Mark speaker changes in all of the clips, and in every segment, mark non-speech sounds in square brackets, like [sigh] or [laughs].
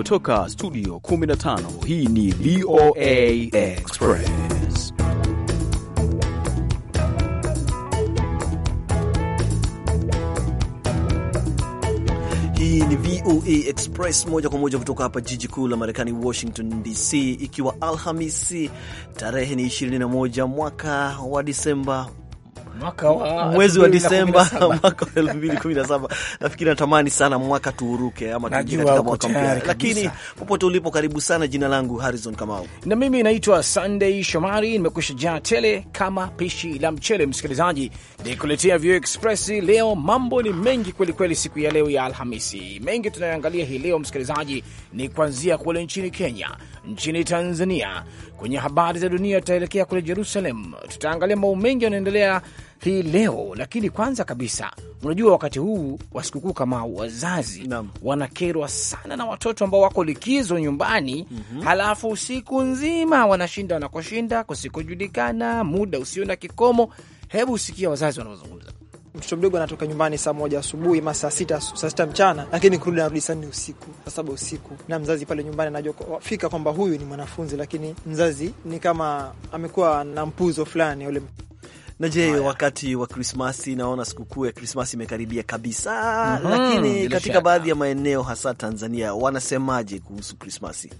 Speaker 1: kutoka studio 15 hii ni VOA Express hii ni VOA Express moja kwa moja kutoka hapa jiji kuu la Marekani, Washington DC, ikiwa Alhamisi tarehe ni 21 mwaka wa Disemba
Speaker 2: mwezi wa Disemba
Speaker 1: mwaka wa 2017. Nafikiri natamani sana mwaka tuuruke ama tuingie katika mwaka mpya, lakini popote ulipo, karibu sana. Jina langu Harrison Kamau na mimi naitwa Sunday Shomari, nimekwisha jaa tele kama pishi la
Speaker 3: mchele, msikilizaji, nikuletea View Express leo. Mambo ni mengi kwelikweli siku ya leo ya Alhamisi, mengi tunayoangalia hii leo msikilizaji, ni kuanzia kule nchini Kenya, nchini Tanzania. Kwenye habari za dunia, tutaelekea kule Jerusalem, tutaangalia mambo mengi yanaendelea hii leo. Lakini kwanza kabisa, unajua wakati huu wa sikukuu kama wazazi wanakerwa sana na watoto ambao wako likizo nyumbani mm -hmm. Halafu siku nzima wanashinda wanakoshinda kusikojulikana, muda usio na kikomo.
Speaker 4: Hebu sikia wazazi wanaozungumza. Mtoto mdogo anatoka nyumbani saa moja asubuhi ma saa sita saa sita mchana, lakini kurudi narudi saa nne usiku saa saba usiku, na mzazi pale nyumbani anajua fika kwamba huyu ni mwanafunzi, lakini mzazi ni kama amekuwa na mpuzo fulani ule
Speaker 1: na je, wakati wa Krismasi, naona sikukuu ya Krismasi imekaribia kabisa. mm -hmm. Lakini katika baadhi ya maeneo hasa Tanzania wanasemaje kuhusu Krismasi?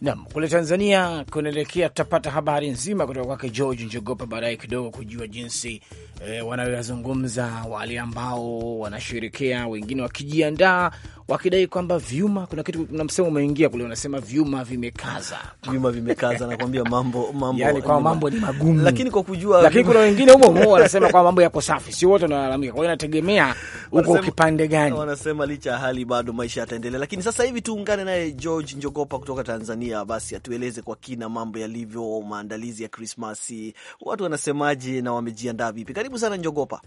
Speaker 3: Nam, kule Tanzania kunaelekea, tutapata habari nzima kutoka kwake George Njogopa baadaye kidogo kujua jinsi e, eh, wanayoyazungumza wale ambao wanasherekea, wengine wakijiandaa, wakidai kwamba vyuma, kuna kitu, kuna msemo umeingia kule, unasema vyuma vimekaza, vyuma vimekaza. Nakwambia mambo mambo, yani kwa mambo ni magumu, lakini
Speaker 1: kwa kujua, lakini kuna wengine humo humo wanasema
Speaker 3: kwa mambo yako safi, sio wote wanalalamika. Kwa hiyo inategemea uko kipande gani,
Speaker 1: wanasema licha ya hali bado maisha yataendelea. Lakini sasa hivi tuungane naye George Njogopa kutoka Tanzania, basi atueleze kwa kina mambo yalivyo, maandalizi ya Krismasi, watu wanasemaje na wamejiandaa vipi? Karibu sana Njogopa.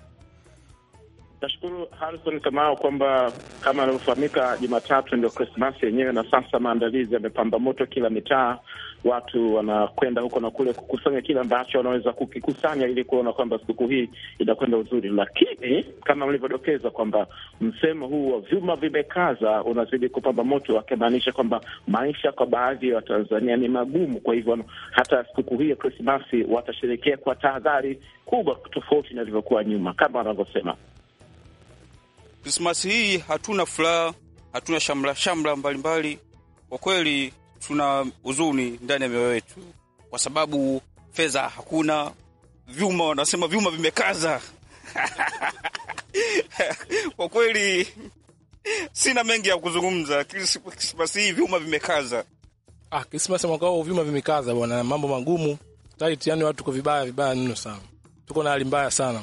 Speaker 5: Nashukuru Harison Kamao kwamba kama anavyofahamika, Jumatatu ndio Krismasi yenyewe, na sasa maandalizi yamepamba moto kila mitaa. Watu wanakwenda huko na kule kukusanya kile ambacho wanaweza kukikusanya ili kuona kwamba sikukuu hii inakwenda uzuri, lakini kama mlivyodokeza kwamba msemo huu wa vyuma vimekaza unazidi kupamba moto, wakimaanisha kwamba maisha kwa baadhi ya Watanzania ni magumu. Kwa hivyo hata sikukuu hii ya Krismasi watasherekea kwa tahadhari kubwa, tofauti na ilivyokuwa nyuma, kama wanavyosema
Speaker 3: Krismasi hii hatuna furaha, hatuna shamra shamra mbalimbali. Kwa kweli tuna huzuni ndani ya mioyo yetu, kwa sababu fedha hakuna, vyuma wanasema vyuma vimekaza. [laughs] Kwa kweli sina mengi ya kuzungumza. Krismasi hii vyuma vimekaza. Ah, Krismasi mwaka huu vyuma vimekaza bwana, mambo magumu tight, yani watu tuko vibaya vibaya nino sana, tuko na hali mbaya sana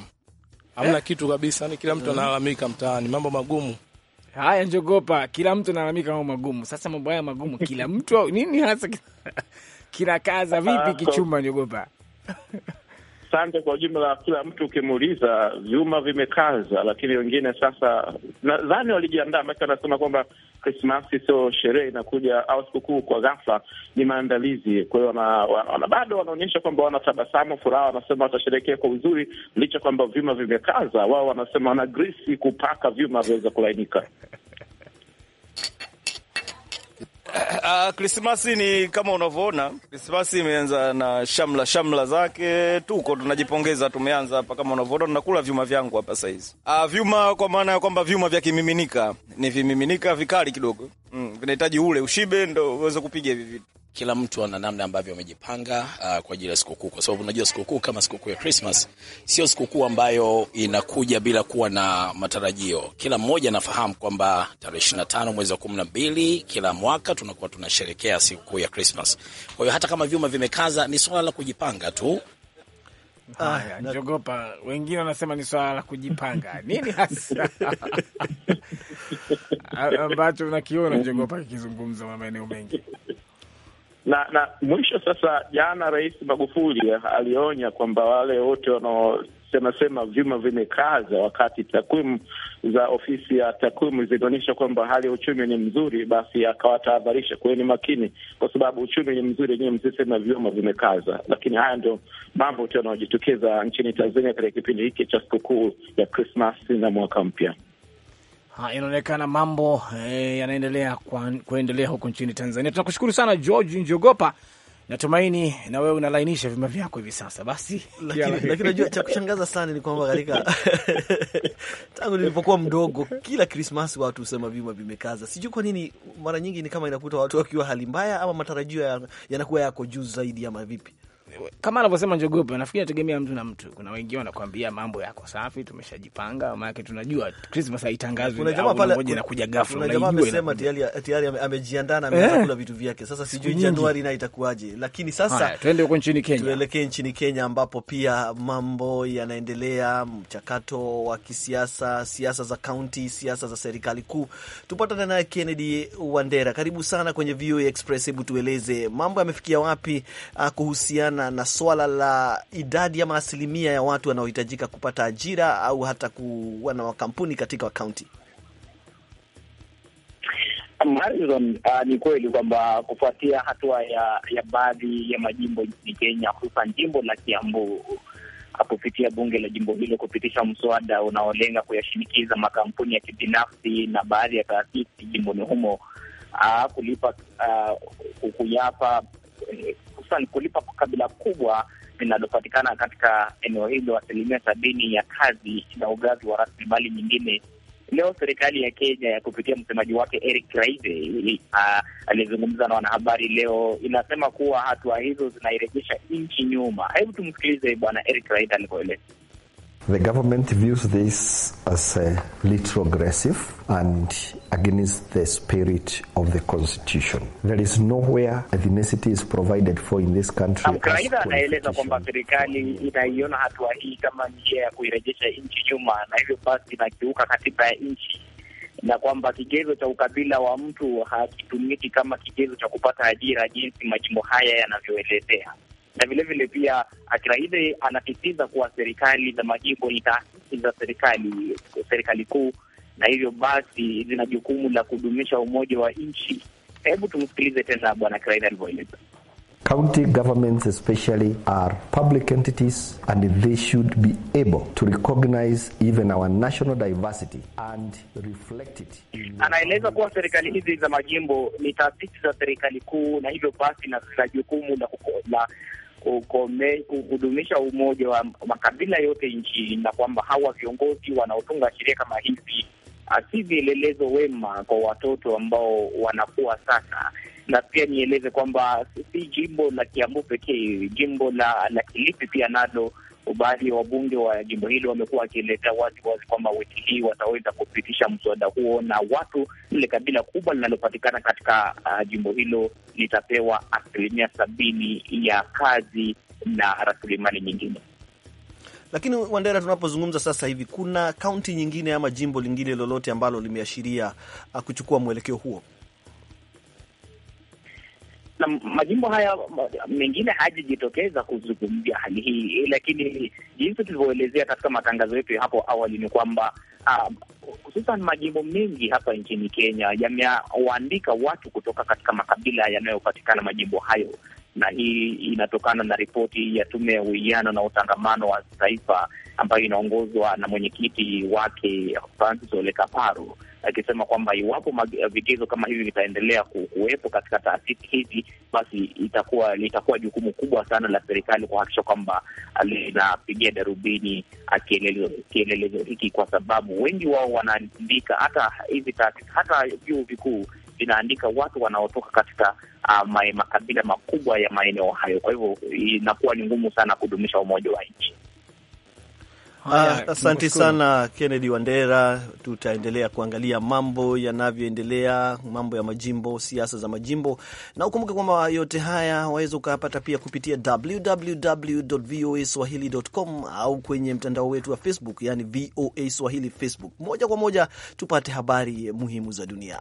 Speaker 3: hamna eh, kitu kabisa. Ni kila mtu analalamika mtaani, mambo magumu haya. Njogopa, kila mtu analalamika mambo magumu. Sasa mambo haya magumu, kila mtu nini hasa kinakaza [laughs] vipi kichuma, Njogopa? [laughs]
Speaker 5: Asante kwa ujumla. Kila mtu ukimuuliza, vyuma vimekaza, lakini wengine sasa nadhani walijiandaa, maana wanasema kwamba Krismasi sio sherehe inakuja au sikukuu kwa ghafla, ni maandalizi. Kwa hiyo wana, wana, bado wanaonyesha kwamba wanatabasamu, furaha, wanasema watasherehekea kwa uzuri licha kwamba vyuma vimekaza. Wao wanasema wana grisi kupaka vyuma viweze kulainika.
Speaker 3: Uh, [coughs] Krismasi ni kama unavyoona, Krismasi imeanza na shamla shamla zake, tuko tunajipongeza. Tumeanza hapa kama unavyoona, tunakula vyuma vyangu hapa saizi. Uh, vyuma kwa maana ya kwamba vyuma vya kimiminika, ni vimiminika vikali kidogo, mm, vinahitaji ule ushibe ndo uweze kupiga hivi vitu. Kila mtu ana namna ambavyo amejipanga uh, kwa ajili ya sikukuu, kwa sababu unajua sikukuu kama sikukuu ya Christmas sio sikukuu ambayo inakuja bila kuwa na matarajio. Kila mmoja anafahamu kwamba tarehe 25 mwezi wa 12 kila mwaka tunakuwa tunasherekea sikukuu ya Christmas. Kwa hiyo hata kama vyuma vimekaza, ni swala la kujipanga tu. Haya, ah, njogopa wengine wanasema ni swala la kujipanga [laughs] nini hasa [laughs] ambacho unakiona njogopa akizungumza
Speaker 5: maeneo mengi na na mwisho sasa, jana Rais Magufuli alionya kwamba wale wote wanaosema sema vyuma vimekaza, wakati takwimu za ofisi ya takwimu zilionyesha kwamba hali ya uchumi ni mzuri, basi akawatahadharisha, kuweni makini, kwa sababu uchumi ni mzuri enyewe msisema vyuma vimekaza. Lakini haya ndio mambo tu yanayojitokeza nchini Tanzania katika kipindi hiki cha sikukuu ya Krismasi na mwaka mpya.
Speaker 3: Ha, inaonekana mambo eh, yanaendelea kuendelea huko nchini Tanzania. Tunakushukuru sana George Njogopa. Natumaini na wewe unalainisha vima vyako hivi sasa basi. [laughs] Lakini najua cha kushangaza
Speaker 1: sana ni kwamba katika [laughs] tangu nilipokuwa mdogo, kila Krismasi watu husema vima vimekaza. Sijui kwa nini, mara nyingi ni kama inakuta watu wakiwa hali mbaya, ama matarajio yanakuwa yako juu zaidi, ama vipi? kama anavyosema
Speaker 3: Njogope, nafikiri nategemea mtu na mtu. Kuna wengine wanakuambia mambo yako safi, tumeshajipanga, maanake
Speaker 1: tunajua Krismas
Speaker 3: haitangazwi, ghafla. Kuna jamaa amesema
Speaker 1: tayari amejiandaa na eh. vitu vyake. Sasa sijui Januari na itakuwaje, lakini sasa tuende huko nchini Kenya, tuelekee nchini Kenya ambapo pia mambo yanaendelea, mchakato wa kisiasa, siasa za kaunti, siasa za serikali kuu. Tupatane naye Kennedy Wandera, karibu sana kwenye VOA Express. Hebu tueleze mambo yamefikia wapi ah, kuhusiana na swala la idadi ama asilimia ya watu wanaohitajika kupata ajira au hata kuwa na makampuni katika kaunti?
Speaker 6: Marizon, uh, ah, ni
Speaker 7: kweli kwamba kufuatia hatua ya ya baadhi ya majimbo nchini Kenya, hususan jimbo la Kiambu ah, kupitia bunge la jimbo hilo kupitisha mswada unaolenga kuyashinikiza makampuni ya kibinafsi na baadhi ya taasisi jimboni humo uh, kulipa uh, kuyapa eh, ni kulipa kwa kabila kubwa linalopatikana katika eneo hilo, asilimia sabini ya kazi na ugavi wa rasilimali nyingine. Leo serikali ya Kenya ya kupitia msemaji wake Eric Raithe eh, aliyezungumza na wanahabari leo inasema kuwa hatua hizo zinairejesha nchi nyuma. Hebu tumsikilize Bwana Eric Raithe alivyoeleza.
Speaker 4: The government views this as a little aggressive and against the spirit of the constitution. There is nowhere ethnicity is provided for in this country. Mkraidha anaeleza
Speaker 2: kwamba
Speaker 7: serikali inaiona hatua hii kama njia ya kuirejesha nchi nyuma na hivyo basi inakiuka katiba ya nchi na kwamba kigezo cha ukabila wa mtu hakitumiki kama kigezo cha kupata ajira jinsi majimbo haya yanavyoelezea na vilevile pia Akiraidhe anasisitiza kuwa serikali za majimbo ni taasisi za serikali serikali kuu, na hivyo basi zina jukumu la kudumisha umoja wa nchi. Hebu tumsikilize tena Bwana Akiraidhe alivyoeleza.
Speaker 4: County governments especially are public entities and they should be able to recognize even our national diversity and reflect it.
Speaker 7: Anaeleza kuwa serikali hizi za majimbo ni taasisi za serikali kuu na hivyo basi na jukumu la kukome, kudumisha umoja wa makabila yote nchini, na kwamba hawa viongozi wanaotunga sheria kama hizi ah, si vielelezo wema kwa watoto ambao wanakuwa sasa. Na pia nieleze kwamba si jimbo la Kiambu pekee, jimbo la, la Kilifi pia nalo baadhi ya wabunge wa jimbo hilo wamekuwa wakielezea waziwazi kwamba wiki hii wataweza kupitisha mswada huo, na watu lile kabila kubwa linalopatikana katika uh, jimbo hilo litapewa asilimia sabini ya kazi na rasilimali nyingine.
Speaker 1: Lakini Wandera, tunapozungumza sasa hivi, kuna kaunti nyingine ama jimbo lingine lolote ambalo limeashiria uh, kuchukua mwelekeo huo?
Speaker 7: na majimbo haya mengine hayajajitokeza kuzungumzia hali hii, lakini jinsi tulivyoelezea katika matangazo yetu hapo awali ni kwamba ah, hususan uh, majimbo mengi hapa nchini Kenya yamewaandika watu kutoka katika makabila yanayopatikana majimbo hayo, na hii inatokana na ripoti ya Tume ya Uwiano na Utangamano wa Taifa ambayo inaongozwa na mwenyekiti wake Francis Ole Kaparo akisema kwamba iwapo vigezo kama hivi vitaendelea kuwepo katika taasisi hizi, basi itakuwa litakuwa jukumu kubwa sana la serikali kuhakikisha kwamba linapigia darubini kielelezo hiki, kwa sababu wengi wao wanaandika hata hivi taasisi, hata vyuo vikuu vinaandika watu wanaotoka katika uh, makabila makubwa ya maeneo hayo. Kwa hivyo inakuwa ni ngumu sana kudumisha umoja wa nchi.
Speaker 1: Ah, asante sana Kennedy Wandera, tutaendelea kuangalia mambo yanavyoendelea, mambo ya majimbo, siasa za majimbo, na ukumbuke kwamba yote haya waweza ukayapata pia kupitia www.voaswahili.com au kwenye mtandao wetu wa Facebook, yani VOA Swahili Facebook. Moja kwa moja tupate habari muhimu za dunia.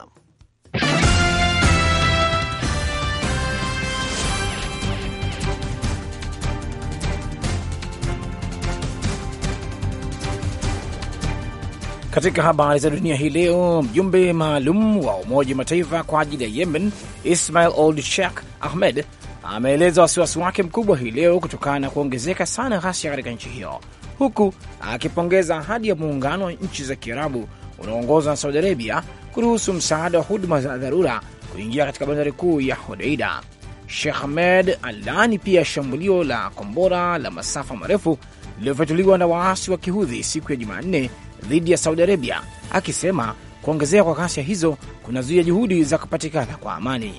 Speaker 3: Katika habari za dunia hii leo, mjumbe maalum wa Umoja Mataifa kwa ajili ya Yemen Ismail Old Sheikh Ahmed ameeleza wasiwasi wake mkubwa hii leo kutokana na kuongezeka sana ghasia katika nchi hiyo, huku akipongeza ahadi ya muungano wa nchi za Kiarabu unaoongozwa na Saudi Arabia kuruhusu msaada wa huduma za dharura kuingia katika bandari kuu ya Hodeida. Sheikh Ahmed alilaani pia shambulio la kombora la masafa marefu lililofyatuliwa na waasi wa Kihudhi siku ya Jumanne dhidi ya Saudi Arabia, akisema kuongezeka kwa ghasia hizo kunazuia juhudi za kupatikana kwa amani.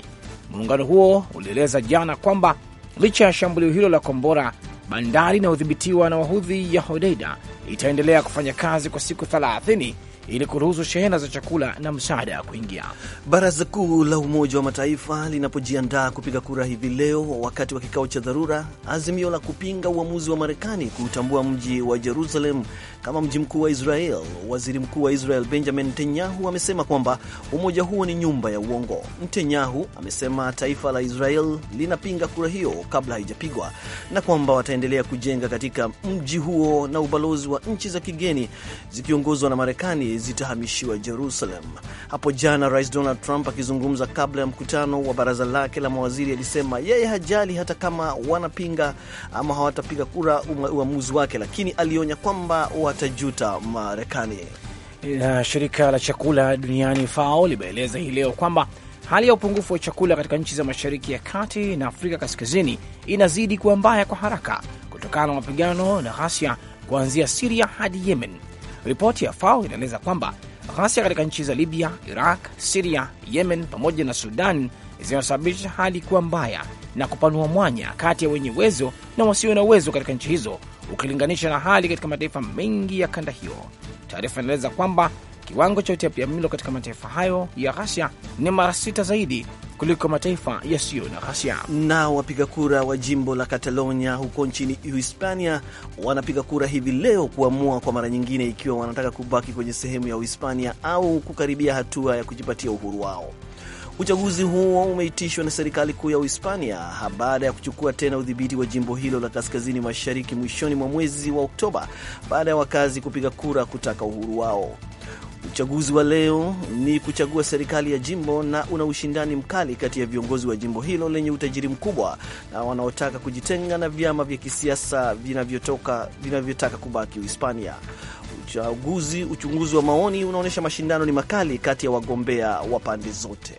Speaker 3: Muungano huo ulieleza jana kwamba licha ya shambulio hilo la kombora, bandari inayodhibitiwa na wahudhi ya Hodeida itaendelea kufanya kazi kwa siku 30
Speaker 1: ili kuruhusu shehena za chakula na msaada kuingia. Baraza Kuu la Umoja wa Mataifa linapojiandaa kupiga kura hivi leo, wakati wa kikao cha dharura, azimio la kupinga uamuzi wa Marekani kuutambua mji wa Jerusalem kama mji mkuu wa Israel, waziri mkuu wa Israel Benjamin Netanyahu amesema kwamba umoja huo ni nyumba ya uongo. Netanyahu amesema taifa la Israel linapinga kura hiyo kabla haijapigwa na kwamba wataendelea kujenga katika mji huo na ubalozi wa nchi za kigeni zikiongozwa na Marekani zitahamishiwa Jerusalem. Hapo jana, Rais Donald Trump akizungumza kabla ya mkutano wa baraza lake la mawaziri alisema yeye hajali hata kama wanapinga ama hawatapiga kura uamuzi wake, lakini alionya kwamba watajuta Marekani.
Speaker 3: Na shirika la chakula duniani FAO limeeleza
Speaker 1: hii leo kwamba hali ya upungufu wa chakula
Speaker 3: katika nchi za Mashariki ya Kati na Afrika Kaskazini inazidi kuwa mbaya kwa haraka kutokana na mapigano na ghasia kuanzia Siria hadi Yemen Ripoti ya FAO inaeleza kwamba ghasia katika nchi za Libya, Iraq, Siria, Yemen pamoja na Sudan zinasababisha hali kuwa mbaya na kupanua mwanya kati ya wenye uwezo na wasio na uwezo katika nchi hizo ukilinganisha na hali katika mataifa mengi ya kanda hiyo. Taarifa inaeleza kwamba kiwango cha utapiamlo katika mataifa hayo ya ghasia ni mara sita zaidi kuliko
Speaker 1: mataifa yasiyo na ghasia. Na wapiga kura wa jimbo la Catalonia huko nchini Uhispania wanapiga kura hivi leo kuamua kwa mara nyingine ikiwa wanataka kubaki kwenye sehemu ya Uhispania au kukaribia hatua ya kujipatia uhuru wao. Uchaguzi huo umeitishwa na serikali kuu ya Uhispania baada ya kuchukua tena udhibiti wa jimbo hilo la kaskazini mashariki mwishoni mwa mwezi wa Oktoba baada ya wakazi kupiga kura kutaka uhuru wao. Uchaguzi wa leo ni kuchagua serikali ya jimbo na una ushindani mkali kati ya viongozi wa jimbo hilo lenye utajiri mkubwa na wanaotaka kujitenga na vyama vya kisiasa vinavyotoka vinavyotaka kubaki Uhispania. Uchaguzi uchunguzi wa maoni unaonyesha mashindano ni makali kati ya wagombea wa pande zote.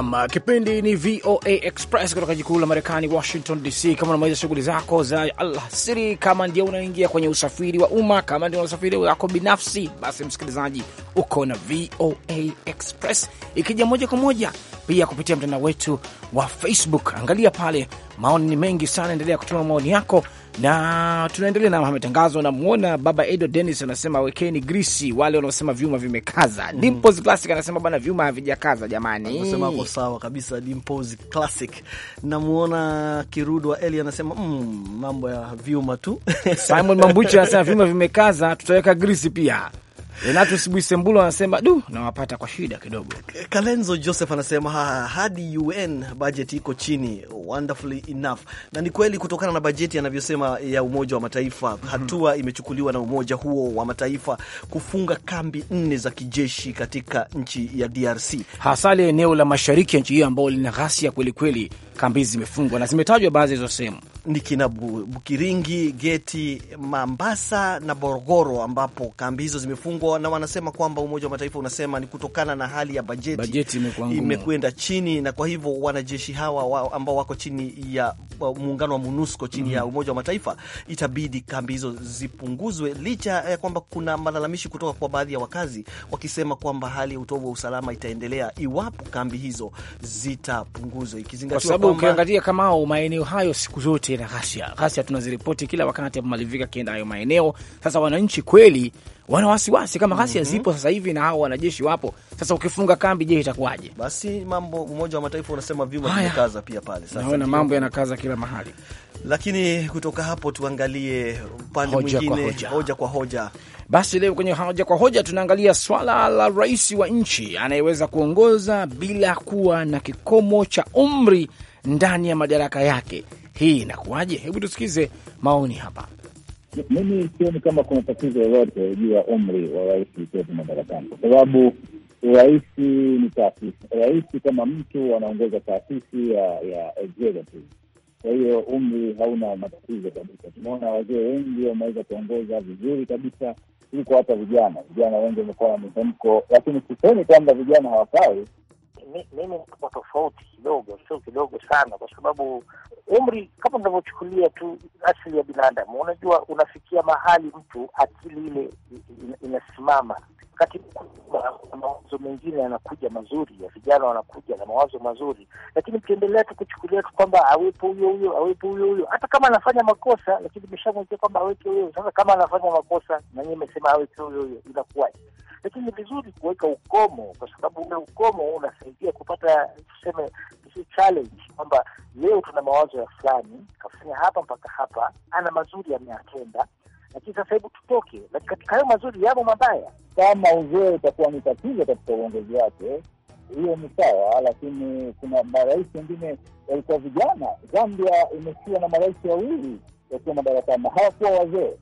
Speaker 3: Nam, kipindi ni VOA Express kutoka jikuu la Marekani, Washington DC. Kama unamaliza shughuli zako za alasiri, kama ndio unaingia kwenye usafiri wa umma, kama ndio unasafiri wako binafsi, basi msikilizaji, uko na VOA Express ikija moja kwa moja pia kupitia mtandao wetu wa Facebook. Angalia pale, maoni ni mengi sana. Endelea kutuma maoni yako na tunaendelea na matangazo. Namwona baba Edo Denis anasema wekeni grisi wale wanaosema vyuma vimekaza. mm. Dimpos Classic anasema bana vyuma
Speaker 1: havijakaza jamani. Anasema ako sawa kabisa, Dimpos Classic. Namwona Kirudwa Eli anasema mm, mambo ya vyuma tu. Simon Mambuchi anasema [laughs] vyuma
Speaker 3: vimekaza, tutaweka grisi pia Renatus Bwisembulo anasema du, nawapata kwa shida
Speaker 1: kidogo. Eh, Kalenzo Joseph anasema ha, hadi UN bajeti iko chini, wonderfully enough. Na ni kweli kutokana na bajeti anavyosema ya Umoja wa Mataifa, hatua imechukuliwa na Umoja huo wa Mataifa kufunga kambi nne za kijeshi katika nchi ya DRC,
Speaker 3: hasa eneo la mashariki ya nchi hiyo ambao lina ghasia kwelikweli. Kambi hizi zimefungwa
Speaker 1: na zimetajwa baadhi hizo sehemu ni kina Bukiringi, Geti, Mambasa na borogoro ambapo kambi hizo zimefungwa, na wanasema kwamba Umoja wa Mataifa unasema ni kutokana na hali ya bajeti, bajeti imekwenda chini, na kwa hivyo wanajeshi hawa wa ambao wako chini ya muungano wa MONUSCO chini mm -hmm. ya Umoja wa Mataifa, itabidi kambi hizo zipunguzwe, licha ya kwamba kuna malalamishi kutoka kwa baadhi ya wakazi wakisema kwamba hali ya utovu wa usalama itaendelea iwapo kambi hizo zitapunguzwa, ikizingatiwa kwa kwamba... ukiangalia
Speaker 3: kama maeneo hayo siku zote na ghasia ghasia tunaziripoti kila wakati, Malivika akienda hayo maeneo. Sasa wananchi kweli wana wasiwasi kama ghasia mm -hmm. zipo sasa hivi na hao wanajeshi wapo sasa, ukifunga
Speaker 1: kambi, je, itakuwaje? Basi mambo, Umoja wa Mataifa unasema vyuma vinakaza pia pale sasa, naona mambo yanakaza kila mahali. Lakini kutoka hapo tuangalie upande mwingine, hoja,
Speaker 3: hoja kwa hoja. Basi leo kwenye hoja kwa hoja tunaangalia swala la rais wa nchi anayeweza kuongoza bila kuwa na kikomo cha umri ndani ya madaraka yake. Hii inakuwaje? Hebu tusikize maoni hapa.
Speaker 6: Mimi sioni kama kuna tatizo lolote juu ya umri wa rais kuwepo madarakani, kwa sababu rais ni taasisi. Rais kama mtu anaongoza taasisi ya ya executive, kwa hiyo umri hauna matatizo kabisa. Tumeona wazee wengi wameweza kuongoza vizuri kabisa kuliko hata vijana. Vijana wengi wamekuwa na mihemko, lakini sisemi kwamba vijana hawafai
Speaker 8: mimi niko tofauti kidogo, sio kidogo sana, kwa sababu umri kama unavyochukulia tu asili ya binadamu, unajua unafikia mahali mtu akili ile inasimama wakati mawazo mengine yanakuja mazuri ya vijana wanakuja na mawazo mazuri, lakini ukiendelea tu kuchukulia tu kwamba awepo huyo huyo awepo huyo huyo, hata kama anafanya makosa, lakini imeshamwekea kwamba awepo huyo. Sasa kama anafanya makosa na nyie imesema awepo huyo huyo, inakuwaje? lakini ni vizuri kuweka ukomo, kwa sababu ule ukomo unasaidia kupata tuseme challenge kwamba leo tuna mawazo ya fulani kafanya hapa mpaka hapa, ana mazuri ameyatenda, lakini sasa hebu tutoke, lakini katika hayo mazuri yamo mabaya.
Speaker 6: Kama uzee utakuwa ni tatizo katika uongozi wake, hiyo ni sawa, lakini kuna marais wengine walikuwa vijana. Zambia imekuwa na marais wawili wakiwa madarakani, hawakuwa wazee,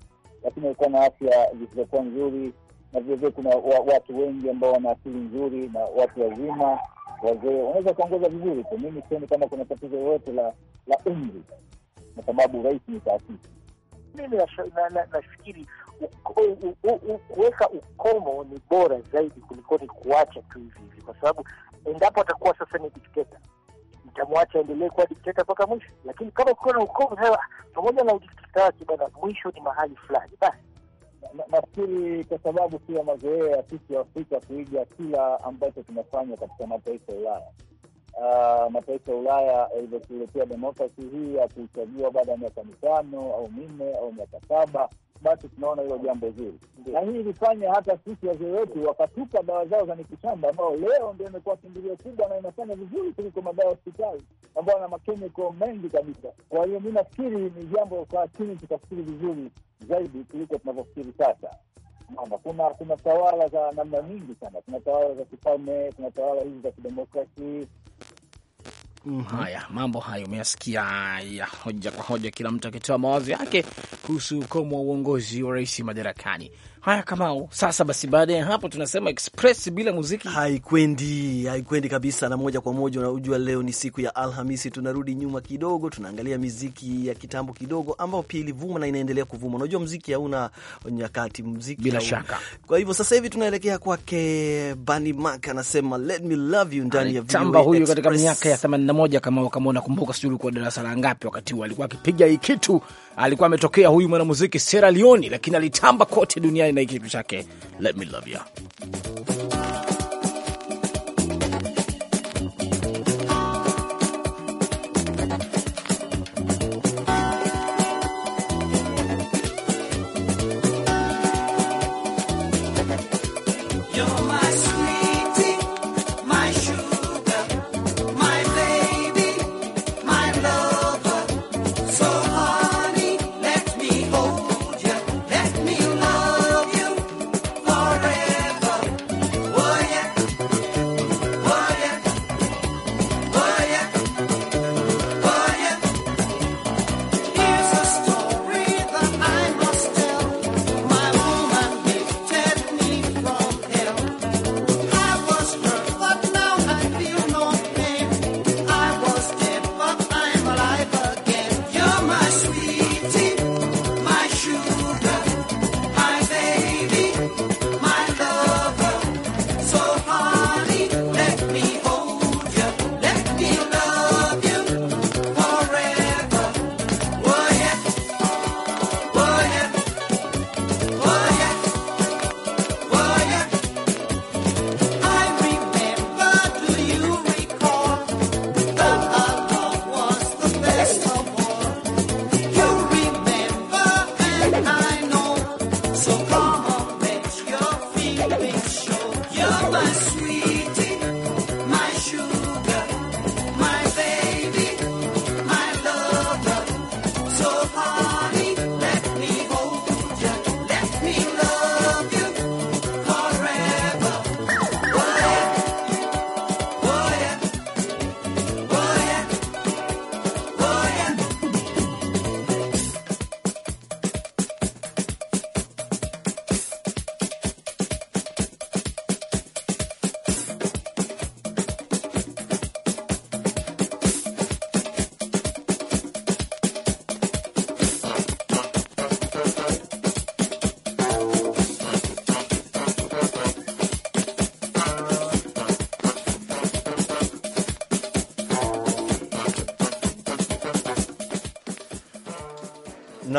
Speaker 6: lakini walikuwa na afya zisizokuwa nzuri na vilevile kuna wa, watu wengi ambao wana akili nzuri na watu wazima, wazee wanaweza kuongoza vizuri tu. Mimi sioni kama kuna tatizo yoyote la la umri, kwa sababu rais ni taasisi.
Speaker 8: Mimi nafikiri kuweka ukomo ni bora zaidi kulikoni ni kuacha tu hivi hivi, kwa sababu endapo atakuwa sasa ni dikteta mtamwacha aendelee kuwa dikteta mpaka mwisho. Lakini kama kukiwa na ukomo, pamoja na udikteta wake, bwana, mwisho ni mahali fulani basi
Speaker 6: nafikiri kwa sababu sio mazoea ya sisi wa Afrika kuiga kila ambacho kinafanywa katika mataifa ya Ulaya. Uh, mataifa ya Ulaya yalivyotuletea demokrasi hii ya kuchagua baada ya miaka mitano au minne au miaka saba basi tunaona hilo jambo zuri, na hii ilifanya hata sisi wazee wetu wakatupa dawa zao za mitishamba, ambao leo ndio imekuwa kimbilio kubwa na inafanya vizuri kuliko madawa ya hospitali ambayo na makemiko mengi kabisa. Kwa hiyo mi nafikiri ni jambo kwa chini, tutafikiri vizuri zaidi kuliko tunavyofikiri sasa. Mama, kuna kuna tawala za namna nyingi sana, kuna tawala za kifalme, kuna tawala hizi za kidemokrasi
Speaker 3: Mm -hmm. Haya, mambo hayo umeyasikia ya hoja kwa hoja, kila mtu akitoa mawazo yake kuhusu ukomo wa uongozi wa rais madarakani.
Speaker 1: Haya, Kamau, sasa basi, baada ya hapo tunasema express bila muziki haikwendi, haikwendi kabisa. Na moja kwa moja, unajua leo ni siku ya Alhamisi, tunarudi nyuma kidogo, tunaangalia miziki ya kitambo kidogo, ambayo pia ilivuma na inaendelea kuvuma. Unajua mziki hauna nyakati, mziki bila shaka. Kwa hivyo sasa hivi tunaelekea kwake Bani Mak, anasema let me love you ndani ya tamba huyu, katika miaka ya
Speaker 3: 81 kama kama unakumbuka, sijui ulikuwa darasa la ngapi wakati huo, alikuwa akipiga hii kitu alikuwa ametokea huyu mwanamuziki Sierra Leone, lakini alitamba kote duniani na hiki kitu chake Let Me Love You.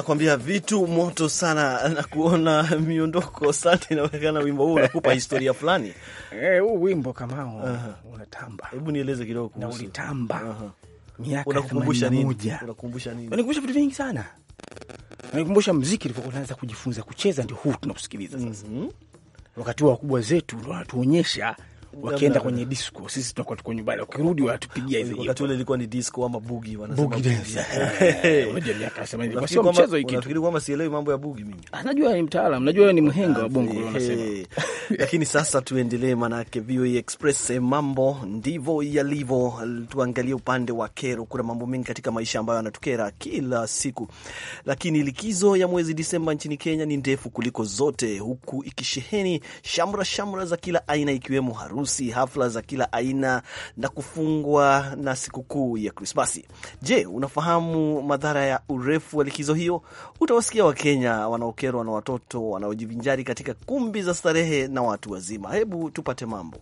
Speaker 1: nakwambia vitu moto sana na kuona miondoko sante. inaonekana. Wimbo huu unakupa historia fulani
Speaker 3: [laughs] eh, huu wimbo kama uh -huh. unatamba. Hebu nieleze kidogo kuhusu. Na ulitamba. Uh -huh. Miaka unakukumbusha nini? Unakukumbusha nini? Unakukumbusha vitu vingi sana. Unakukumbusha muziki ulivyokuwa unaanza kujifunza kucheza, ndio huu tunausikiliza sasa. Mm -hmm. Wakati wa wakubwa zetu ndio wanatuonyesha wakienda kwenye
Speaker 1: disco, sisi tunakuwa tuko nyumbani, ukirudi wanatupigia hizo. Wakati ule ilikuwa ni disco ama bugi, wanasema bugi dance. [laughs] Eh, unajua miaka 80 sio mchezo hiki. Nafikiri kwamba sielewi mambo ya bugi mimi, anajua ah, ni mtaalamu, najua ni mhenga wa bongo eh, unasema. Eh. Lakini sasa tuendelee, manake VOA e Express, mambo ndivyo yalivyo. Tuangalie upande wa kero, kuna mambo mengi katika maisha ambayo yanatukera kila siku, lakini likizo ya mwezi Disemba nchini Kenya ni ndefu kuliko zote, huku ikisheheni shamra shamra za kila aina ikiwemo harusi harusi, hafla za kila aina na kufungwa na sikukuu ya Krismasi. Je, unafahamu madhara ya urefu wa likizo hiyo? Utawasikia Wakenya wanaokerwa na watoto wanaojivinjari katika kumbi za starehe na watu wazima. Hebu tupate mambo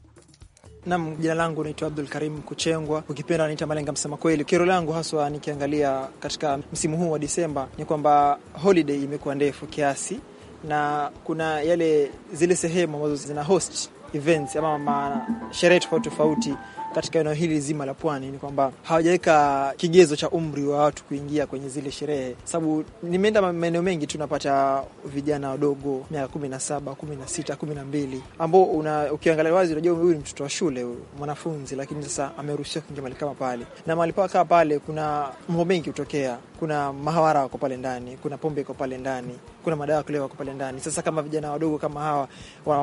Speaker 4: Nam, jina langu naitwa Abdul Karim Kuchengwa, ukipenda naita Malenga msema kweli. Kero langu haswa nikiangalia katika msimu huu wa Disemba ni kwamba holiday imekuwa ndefu kiasi, na kuna yale zile sehemu ambazo zina host events ama sherehe tofauti tofauti katika eneo hili zima la pwani ni kwamba hawajaweka kigezo cha umri wa watu kuingia kwenye zile sherehe, sababu nimeenda maeneo mengi tunapata vijana wadogo miaka kumi na saba, kumi na sita, kumi na mbili ambao ukiangalia wazi unajua huyu ni mtoto wa shule, mwanafunzi, lakini sasa ameruhusiwa kuingia mahali kama pale, na mahali kaa pale kuna mambo mengi hutokea. Kuna mahawara wako pale ndani, kuna pombe iko pale ndani, kuna madawa kulewa wako pale ndani. Sasa kama vijana wadogo kama hawa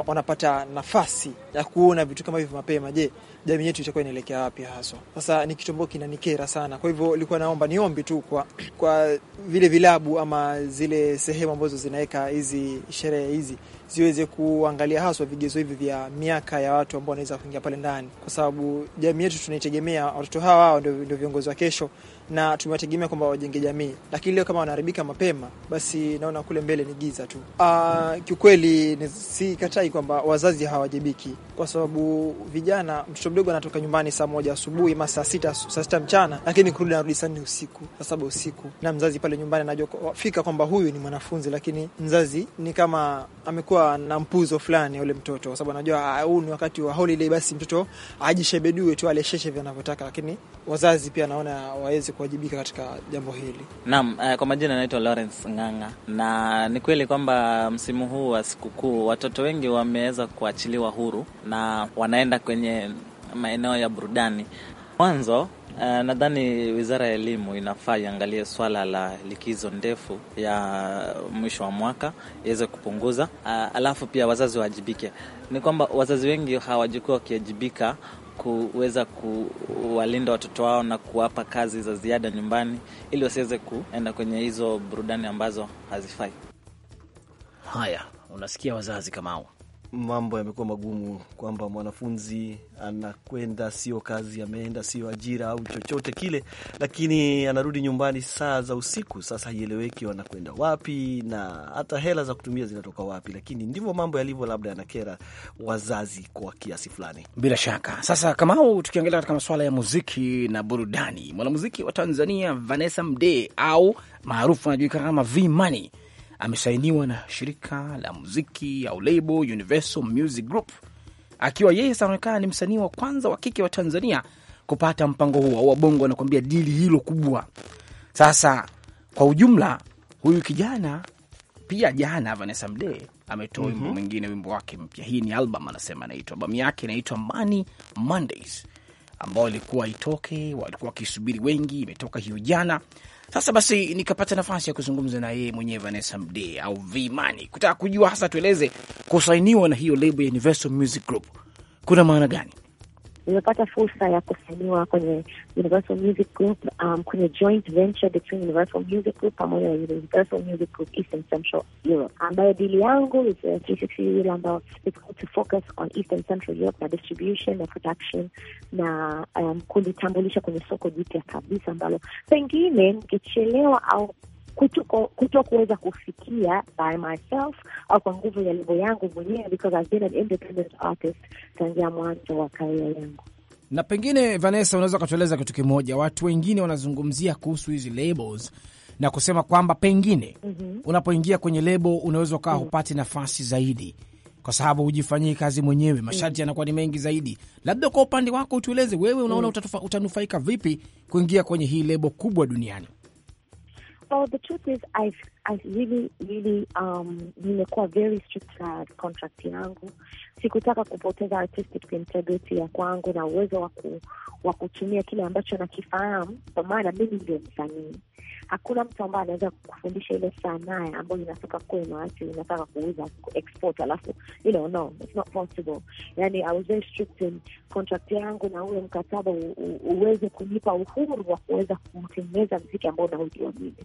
Speaker 4: wanapata nafasi ya kuona vitu kama hivyo mapema, je, jamii yetu itakuwa inaelekea wapi haswa. Sasa ni kitu ambacho kinanikera sana. Kwa hivyo nilikuwa naomba niombi tu kwa, kwa vile vilabu ama zile sehemu ambazo zinaweka hizi sherehe hizi ziweze kuangalia haswa vigezo hivi vya miaka ya watu ambao wanaweza kuingia pale ndani, kwa sababu jamii yetu tunaitegemea. Watoto hawa ndio, ndio viongozi wa kesho, na tumewategemea kwamba wajenge jamii, lakini leo kama wanaharibika mapema, basi naona kule mbele ni giza tu. Ah, kiukweli sikatai kwamba wazazi hawajibiki, kwa sababu vijana, mtoto mdogo anatoka nyumbani saa moja asubuhi ma saa sita saa sita mchana, lakini kurudi anarudi saa nne usiku saa saba usiku, na mzazi pale nyumbani anajua fika kwamba huyu ni mwanafunzi, lakini mzazi ni kama amekuwa ameshikwa na mpuzo fulani yule mtoto, kwa sababu anajua ah, huu ni wakati wa holiday, basi mtoto ajishebedue tu alesheshe anavyotaka, lakini wazazi pia naona waweze kuwajibika katika jambo hili.
Speaker 1: Naam, eh, kwa majina anaitwa Lawrence Ng'ang'a, na ni kweli kwamba msimu huu wa sikukuu watoto wengi wameweza kuachiliwa huru na wanaenda kwenye maeneo ya burudani mwanzo Uh, nadhani Wizara ya Elimu inafaa iangalie swala la likizo ndefu ya mwisho wa mwaka iweze kupunguza. Uh, alafu pia wazazi waajibike Ni kwamba wazazi wengi hawajukua wakiajibika kuweza kuwalinda watoto wao na kuwapa kazi za ziada nyumbani ili wasiweze kuenda kwenye hizo burudani ambazo hazifai. Haya, unasikia wazazi kamao mambo yamekuwa magumu, kwamba mwanafunzi anakwenda, sio kazi ameenda, sio ajira au chochote kile, lakini anarudi nyumbani saa za usiku. Sasa haieleweki wanakwenda wapi na hata hela za kutumia zinatoka wapi, lakini ndivyo mambo yalivyo, labda yanakera wazazi kwa kiasi fulani.
Speaker 3: Bila shaka. Sasa Kamau, tukiangalia katika masuala ya muziki na burudani,
Speaker 1: mwanamuziki wa Tanzania Vanessa
Speaker 3: Mdee au maarufu anajulikana kama V Money amesainiwa na shirika la muziki au label Universal Music Group, akiwa yeye sanaonekana ni msanii wa kwanza wa kike wa Tanzania kupata mpango huo. Wabongo anakuambia dili hilo kubwa. Sasa kwa ujumla, huyu kijana pia jana Vanessa Mdee ametoa wimbo mm -hmm. mwingine wimbo wake mpya. Hii ni album anasema anaitwa albamu yake inaitwa Money Mondays, ambao ilikuwa itoke, walikuwa wakisubiri wengi, imetoka hiyo jana, sasa basi nikapata nafasi ya kuzungumza na yeye mwenyewe Vanessa Mdee au Vimani, kutaka kujua hasa tueleze kusainiwa na hiyo lebo ya Universal Music Group kuna maana gani?
Speaker 9: nimepata fursa ya kusainiwa kwenye Universal Music Group, um, kwenye joint venture between Universal Music Group pamoja na Universal Music Group Eastern Central Europe, ambayo dili yangu is a 360 deal ambayo is going to focus on Eastern Central Europe na distribution na production na um, kulitambulisha kwenye soko jipya kabisa ambalo pengine mkichelewa au kuto kuweza kufikia by myself au kwa nguvu ya lebo yangu mwenyewe, because I've been an independent artist tangia mwanzo wa karia yangu.
Speaker 3: Na pengine Vanessa, unaweza ukatueleza kitu kimoja, watu wengine wanazungumzia kuhusu hizi labels na kusema kwamba pengine mm -hmm. unapoingia kwenye lebo unaweza ukawa mm -hmm. hupati nafasi zaidi kwa sababu hujifanyii kazi mwenyewe, mm. masharti yanakuwa mm. ni mengi zaidi. Labda kwa upande wako utueleze wewe unaona mm. utanufaika vipi kuingia kwenye hii lebo kubwa duniani?
Speaker 9: Well, the truth is, I've Really, really, um, nimekuwa very strict na contract yangu. Sikutaka kupoteza artistic integrity ya kwangu na uwezo wa kutumia kile ambacho nakifahamu, kwa maana mimi ndio msanii. Hakuna mtu ambaye anaweza kufundisha ile sanaa ambayo inatoka kwenu, ati unataka kuuza export, alafu you know, no, it's not possible. Yani I was very strict in contract yangu na ule mkataba uweze kunipa uhuru wa kuweza kutengeneza mziki ambao unaujua mimi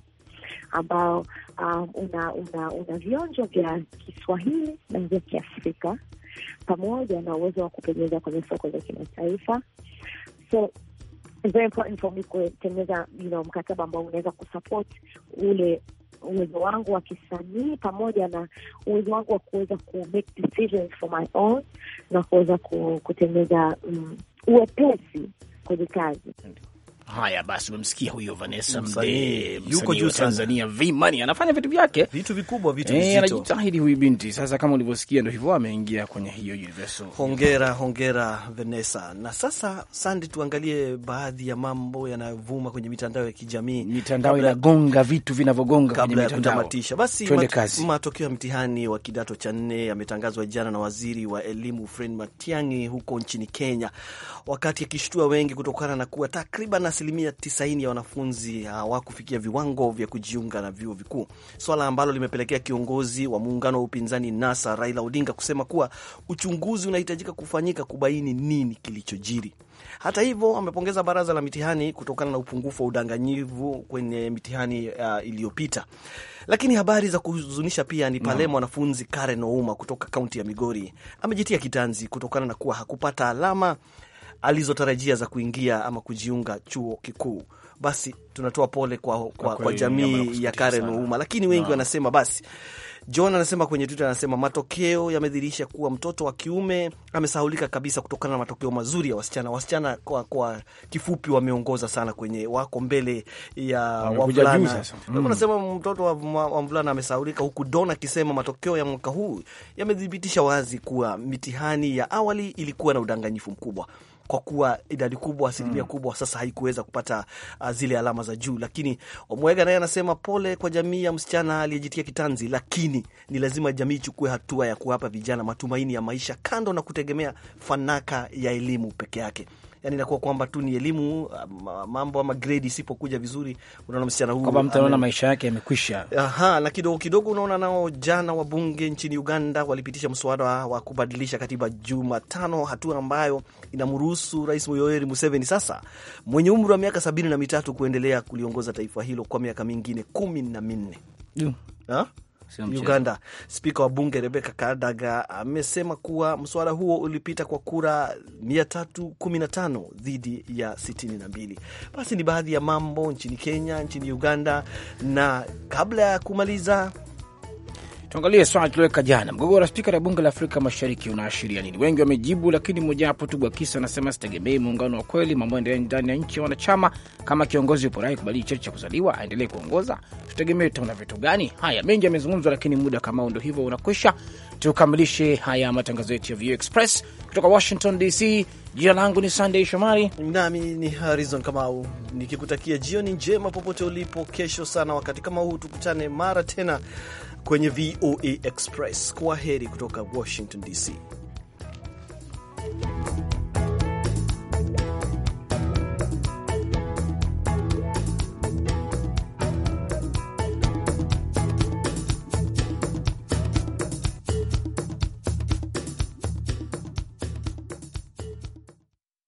Speaker 9: ambao um, una, una, una vionjo vya Kiswahili na vya Kiafrika pamoja na uwezo wa kupenyeza kwenye soko za kimataifa. So it's very important for me kutengeneza you know, mkataba ambao unaweza kusupport ule uwezo wangu wa kisanii pamoja na uwezo wangu wa kuweza ku make decisions for my own na kuweza kutengeneza um, uwepesi kwenye kazi.
Speaker 3: Haya basi, umemsikia huyo Vanessa Mdee, yuko juu Tanzania, vimani anafanya vitu vyake, vitu vikubwa, vitu eh, vizito, anajitahidi huyu binti. Sasa kama ulivyosikia, ndio hivyo ameingia kwenye hiyo universe. Hongera,
Speaker 1: hongera Vanessa. Na sasa Sandi, tuangalie baadhi ya mambo yanayovuma kwenye mitandao ya kijamii. Mitandao
Speaker 3: inagonga vitu vinavyogonga kabla ya kutamatisha. Basi
Speaker 1: matokeo ya mtihani wa kidato cha nne yametangazwa jana na waziri wa elimu Fred Matiang'i huko nchini Kenya, wakati akishtua wengi kutokana na kuwa takriban asilimia 90 ya wanafunzi ah, hawakufikia viwango vya kujiunga na vyuo vikuu, swala ambalo limepelekea kiongozi wa muungano wa upinzani NASA Raila Odinga kusema kuwa uchunguzi unahitajika kufanyika kubaini nini kilichojiri. Hata hivyo, amepongeza baraza la mitihani kutokana na upungufu wa udanganyivu kwenye mitihani uh, iliyopita. Lakini habari za kuhuzunisha pia ni pale mwanafunzi Karen Ouma kutoka kaunti ya Migori amejitia kitanzi kutokana na kuwa hakupata alama alizotarajia za kuingia ama kujiunga chuo kikuu. Basi tunatoa pole kwa, kwa, kwa kwa jamii ya Karen Ouma, lakini wengi no. wanasema basi John anasema kwenye Twitter, anasema matokeo yamedhihirisha kuwa mtoto wa kiume amesahulika kabisa kutokana na matokeo mazuri ya wasichana. Wasichana kwa, kwa kifupi wameongoza sana kwenye wako mbele ya wavulana. Anasema mm. mtoto wa mvulana amesahulika, huku Don akisema matokeo ya mwaka huu yamethibitisha wazi kuwa mitihani ya awali ilikuwa na udanganyifu mkubwa kwa kuwa idadi kubwa, asilimia mm. kubwa sasa haikuweza kupata uh, zile alama za juu. Lakini Omwega naye anasema pole kwa jamii ya msichana aliyejitia kitanzi, lakini ni lazima jamii ichukue hatua ya kuwapa vijana matumaini ya maisha kando na kutegemea fanaka ya elimu peke yake yani inakuwa kwamba tu ni elimu mambo ama gredi isipokuja vizuri, unaona msichana huyu kwamba mtaona maisha
Speaker 3: yake yamekwisha.
Speaker 1: Aha, na kidogo kidogo unaona nao. Jana wabunge nchini Uganda walipitisha mswada wa kubadilisha katiba Jumatano, hatua ambayo inamruhusu Rais Yoweri Museveni sasa mwenye umri wa miaka sabini na mitatu kuendelea kuliongoza taifa hilo kwa miaka mingine kumi na minne. Uganda. Spika wa bunge Rebeka Kadaga amesema kuwa mswada huo ulipita kwa kura 315 dhidi ya 62. Basi ni baadhi ya mambo nchini Kenya, nchini Uganda, na kabla ya kumaliza Tuangalie swala tulioweka jana.
Speaker 3: Mgogoro wa spika la bunge la Afrika Mashariki unaashiria nini? Wengi wamejibu, lakini mojawapo Tugwa Kisa anasema sitegemei muungano wa kweli, mambo yaendelea ndani ya nchi ya wanachama. Kama kiongozi yupo rai kubadili cheti cha kuzaliwa aendelee kuongoza, tutegemee tutaona vitu gani? Haya, mengi yamezungumzwa, lakini muda kama ndo hivyo unakwisha. Tukamilishe haya matangazo yetu ya VOA Express kutoka Washington DC. Jina langu ni
Speaker 1: Sandey Shomari, nami ni Harrison Kamau, nikikutakia jioni njema popote ulipo. Kesho sana wakati kama huu tukutane mara tena kwenye VOA Express. Kwa heri kutoka Washington DC.